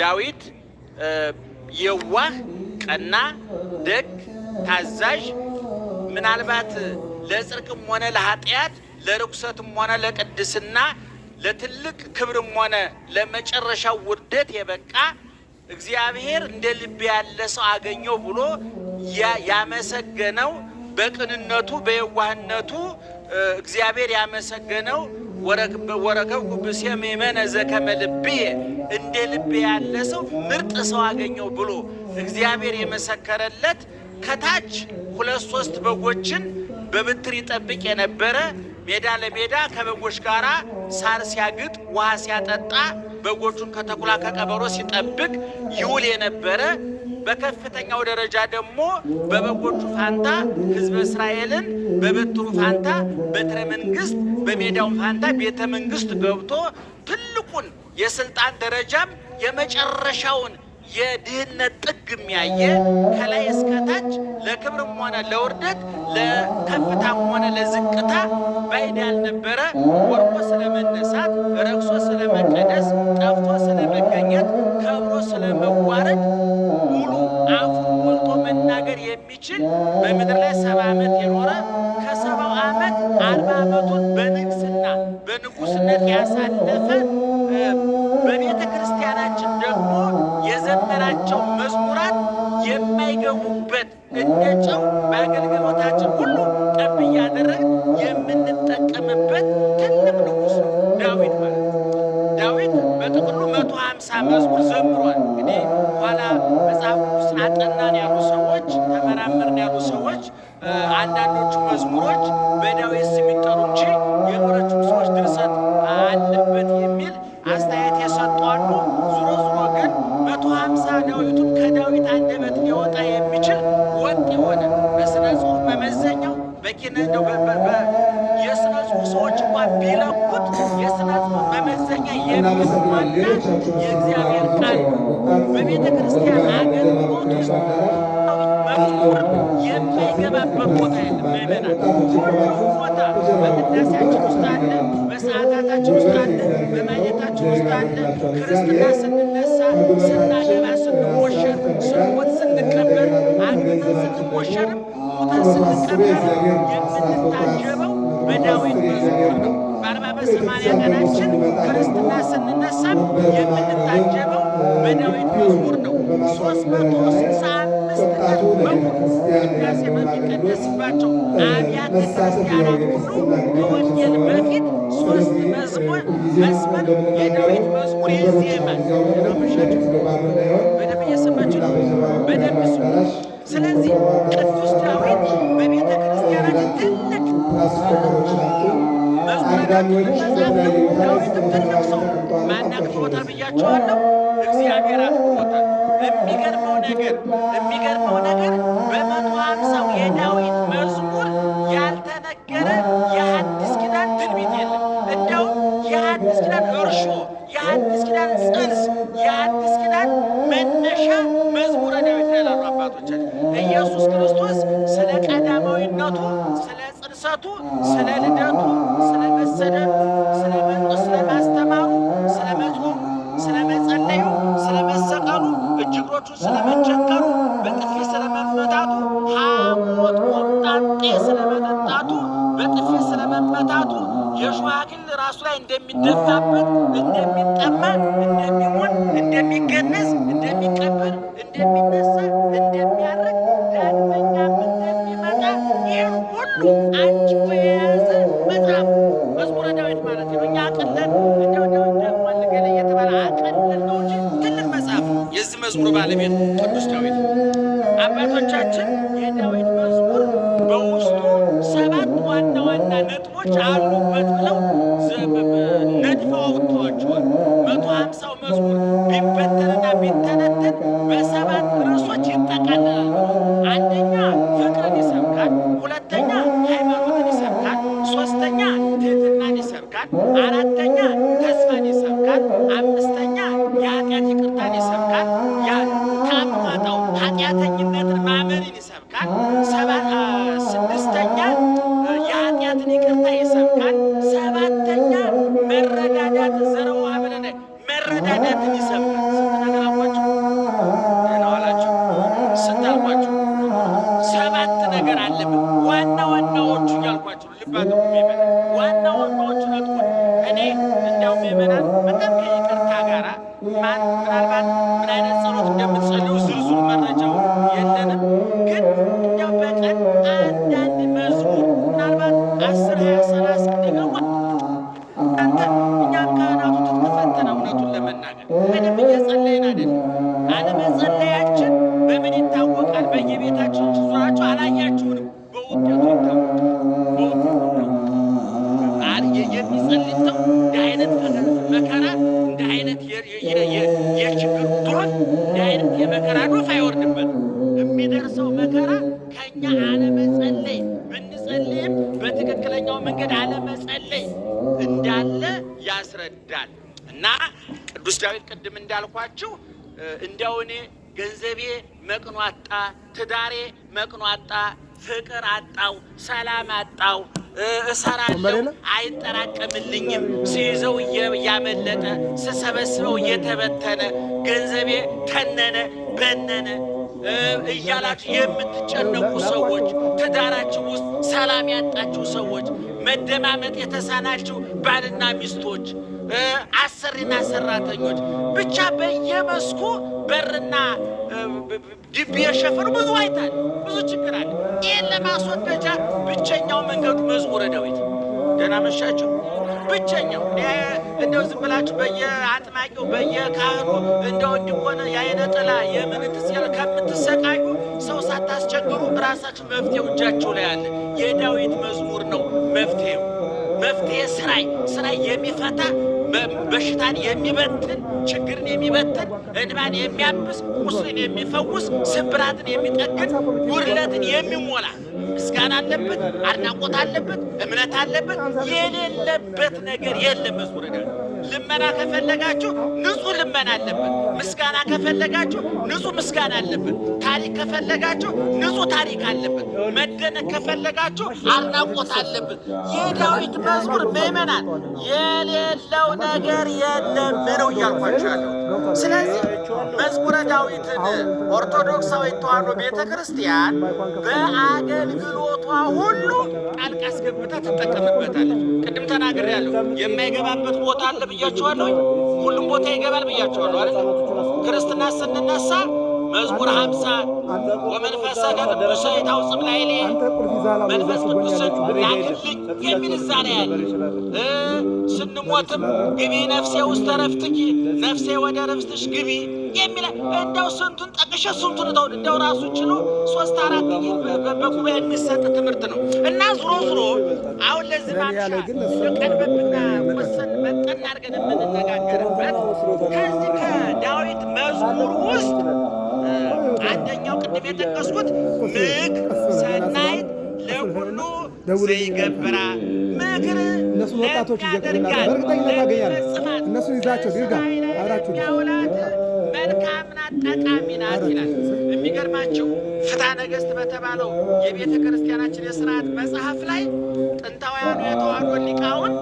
ዳዊት የዋህ፣ ቀና፣ ደግ፣ ታዛዥ ምናልባት ለጽርቅም ሆነ ለኃጢአት ለርኩሰትም ሆነ ለቅድስና ለትልቅ ክብርም ሆነ ለመጨረሻው ውርደት የበቃ እግዚአብሔር እንደ ልብ ያለ ሰው አገኘው ብሎ ያመሰገነው በቅንነቱ በየዋህነቱ እግዚአብሔር ያመሰገነው ወረከው ጉብሴ መመነ ዘከመ ልቤ እንደ ልቤ ያለ ሰው ምርጥ ሰው አገኘው ብሎ እግዚአብሔር የመሰከረለት ከታች ሁለት ሶስት በጎችን በብትር ይጠብቅ የነበረ ሜዳ ለሜዳ ከበጎች ጋር ሳር ሲያግጥ ውሃ ሲያጠጣ በጎቹን ከተኩላ ከቀበሮ ሲጠብቅ ይውል የነበረ በከፍተኛው ደረጃ ደግሞ በበጎቹ ፋንታ ህዝበ እስራኤልን፣ በበትሩ ፋንታ በትረ መንግስት፣ በሜዳውን ፋንታ ቤተ መንግስት ገብቶ ትልቁን የስልጣን ደረጃም የመጨረሻውን የድህነት ጥግ የሚያየ ከላይ እስከታች ለክብርም ሆነ ለውርደት ለከፍታም ሆነ ለዝቅታ ባይድ ያልነበረ ወርቆ ስለመነሳት፣ ረክሶ ስለመቀደስ፣ ጠፍቶ ስለመገኘት፣ ከብሮ ስለመዋረድ መናገር የሚችል በምድር ላይ ሰባ ዓመት የኖረ ከሰባው ዓመት አርባ ዓመቱን በንግስና በንጉስነት ያሳለፈ በቤተ ክርስቲያናችን ደግሞ የዘመናቸው መዝሙራት የማይገቡበት እንደ ጨው በአገልግሎታችን ሁሉ ጠብ እያደረግ የምንጠቀምበት ትልቅ ንጉስ ነው ዳዊት ማለት ዳዊት በጥቅሉ መቶ ሀምሳ መዝሙር ዘምሯል። እንግዲህ ኋላ መጽሐፍ ውስጥ አጠናን ያሉ ሰዎች ተመራመርን ያሉ ሰዎች አንዳንዶቹ መዝሙሮች በዳዊት ስም ይጠሩ እንጂ ሲለኩት የስላት መመዘኛ የሚሆንና የእግዚአብሔር ቃል በቤተ ክርስቲያን አገልግሎት ውስጥ የማይገባበት ቦታ የለም። ምእመናን ቦታ በቅዳሴያችን ውስጥ አለ፣ በሰዓታታችን ውስጥ አለ፣ በማየታችን ውስጥ አለ። ክርስትና ስንነሳ፣ ስናገባ፣ ስንሞሸር፣ ስንሞት፣ ስንቀበር፣ አግብተን ስንሞሸርም፣ ሞተን ስንቀበር የምንታጀበው በዳዊት መዝሙር በአርባ በሰማንያ ቀናችን ክርስትና ስንነሳም የምን የሚቀደስባቸው አብያተ ክርስቲያናት ሁሉ በወንጌል በፊት ሶስት መዝሙር መዝመር፣ የዳዊት መዝሙር፣ የዜማ ነው ምሸቱ በደንብ እየሰማችሁ ነው። በደንብ ሱ ስለዚህ ቅዱስ ዳዊት በቤተ ክርስቲያናችን ትልቅ ዳዊትም ትልቅ ሰው ማናቅፎታል ብያቸዋለሁ። እግዚአብሔር አቅፎታል። የሚገርመው ነገር የሚገርመው ነገር በመ የዳዊት መዝሙር ያልተነገረ የሐዲስ ኪዳን ትንቢት የለም። እንደውም የሐዲስ ኪዳን እርሾ፣ የሐዲስ ኪዳን ጽንስ፣ የሐዲስ ኪዳን መነሻ መዝሙረ ዳዊት ነው ይላሉ አባቶቻችን። ኢየሱስ ክርስቶስ ስለ ቀዳማዊነቱ ስለ ጽንሰቱ ራሱ ላይ እንደሚደፋበት፣ እንደሚጠማ፣ እንደሚሞት፣ እንደሚገነዝ፣ እንደሚቀበር፣ እንደሚነሳ፣ ዳግመኛም እንደሚመጣ ሁሉ አንቺ የያዘ መጽሐፍ መዝሙረ ዳዊት ማለት ነው። እኛ አቅለን እንደው እየተባለ አቅለን ነው እንጂ ትልቅ መጽሐፍ የዚህ መዝሙር ባለቤት ቅዱስ ዳዊት አባቶቻችን የዳዊት መዝሙር በውስጡ ችግሮች አሉበት ብለው ነድፈው አውጥተዋቸዋል። መቶ ሀምሳው መዝሙር ቢበተንና ቢተነተን በሰባት ርዕሶች ይጠቃልላል። አንደኛ ፍቅርን ይሰብካል። ሁለተኛ ሃይማኖትን ይሰብካል። ሶስተኛ ትህትናን ይሰብካል። ቀጣ የሰማን ሰባተኛ መረዳዳት ዘረዋ ብለነ መረዳዳትን ይሰማል። ስንነገራቸው ናዋላቸው ስታልኳቸው ሰባት ነገር አለብን። ዋና ዋናዎቹ እያልኳቸው ልባት ሚመና ዋና ዋናዎቹ ነጥቦች እኔ እንዲያውም የመናል በጣም ከይቅርታ ጋራ ማን ምናልባት انا من صلينا انا من صلينا ቅድም እንዳልኳችሁ እንዲያው እኔ ገንዘቤ መቅኖ አጣ፣ ትዳሬ መቅኖ አጣ፣ ፍቅር አጣው፣ ሰላም አጣው፣ እሰራለሁ አይጠራቀምልኝም፣ ሲይዘው እያመለጠ ስሰበስበው እየተበተነ ገንዘቤ ተነነ በነነ እያላችሁ የምትጨነቁ ሰዎች፣ ትዳራችሁ ውስጥ ሰላም ያጣችሁ ሰዎች መደማመጥ የተሳናቸው ባልና ሚስቶች፣ አሰሪና ሰራተኞች ብቻ በየመስኩ በርና ግቢ የሸፈኑ ብዙ አይታል፣ ብዙ ችግር አለ። ይህን ለማስወገጃ ብቸኛው መንገዱ መዝሙረ ዳዊት። ደህና መሻችሁ። ብቸኛው እንደው ዝም ብላችሁ በየአጥማቂው በየካህኑ እንደው እንዲሆነ የአይነ ጥላ የምንትስ ከምትሰቃ ስትቸገሩ ራሳችን መፍትሄው እጃቸው ላይ አለ። የዳዊት መዝሙር ነው መፍትሄው። መፍትሄ ስራይ ስራይ የሚፈታ በሽታን የሚበትን ችግርን የሚበትን እንባን የሚያብስ ቁስልን የሚፈውስ ስብራትን የሚጠግን ጉድለትን የሚሞላ ምስጋና አለበት፣ አድናቆት አለበት፣ እምነት አለበት። የሌለበት ነገር የለም መዝሙር ዳዊት ልመና ከፈለጋችሁ ንጹህ ልመና አለብን። ምስጋና ከፈለጋችሁ ንጹህ ምስጋና አለብን። ታሪክ ከፈለጋችሁ ንጹህ ታሪክ አለብን። መደነቅ ከፈለጋችሁ አድናቆት አለብን። የዳዊት መዝሙር ምዕመናን የሌለው ነገር የለም ብለው እያልኳቸዋለሁ። ስለዚህ መዝሙረ ዳዊትን ኦርቶዶክሳዊ ተዋሕዶ ቤተ ክርስቲያን በአገልግሎቷ ሁሉ ጣልቃ አስገብታ ትጠቀምበታለች። ቅድም ተናግሬያለሁ የማይገባበት ቦታ አለ ብያቸዋለሁ። ሁሉም ቦታ ይገባል ብያቸዋለሁ አለ። ክርስትና ስንነሳ መዝሙር ሀምሳ ወመንፈሰ ቅዱስ ታውፅም ላይ ሌ መንፈስ ቅዱስን ላክልኝ የሚል እዛ ነው ያለ። ስንሞትም ግቢ ነፍሴ ውስጥ ረፍትኪ ነፍሴ ወደ ረፍትሽ ግቢ የሚለ እንደው ስንቱን ጠቅሼ ስንቱን ተው እንደው ራሱ ችሎ ሶስት አራት በጉባኤ የሚሰጥ ትምህርት ነው እና ዝሮ ዝሮ አሁን ለዚህ ማምሻ ቀንበብና ወሰን መጠን አድርገን የምንነጋገርበት ከዚህ ከዳዊት መዝሙር ውስጥ አንደኛው ቅድም የጠቀስኩት ምግ ሰናይት ለሁሉ ዘይገብራ ምክር እነሱ ወጣቶች ይዘክሩናል። በእርግጠኝነት ታገኛለህ። እነሱን ይዛቸው ይርጋ አብራችሁ ለእርቃ ምናት ጠቃሚ ናት ይላል። የሚገርማችሁ ፍትሐ ነገሥት በተባለው የቤተ ክርስቲያናችን የስርዓት መጽሐፍ ላይ ጥንታውያኑ የተዋሕዶ ሊቃውንት